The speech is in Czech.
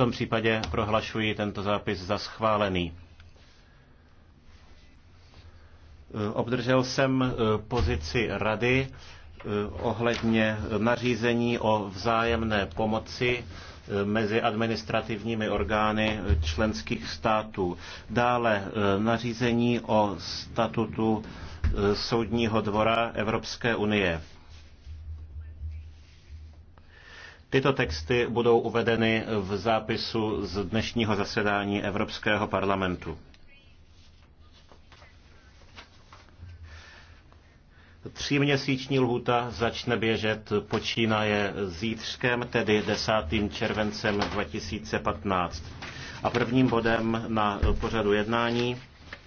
tom případě prohlašuji tento zápis za schválený. E, obdržel jsem e, pozici rady e, ohledně nařízení o vzájemné pomoci mezi administrativními orgány členských států. Dále nařízení o statutu Soudního dvora Evropské unie. Tyto texty budou uvedeny v zápisu z dnešního zasedání Evropského parlamentu. Tříměsíční lhůta začne běžet počínaje zítřkem, tedy 10. červencem 2015. A prvním bodem na pořadu jednání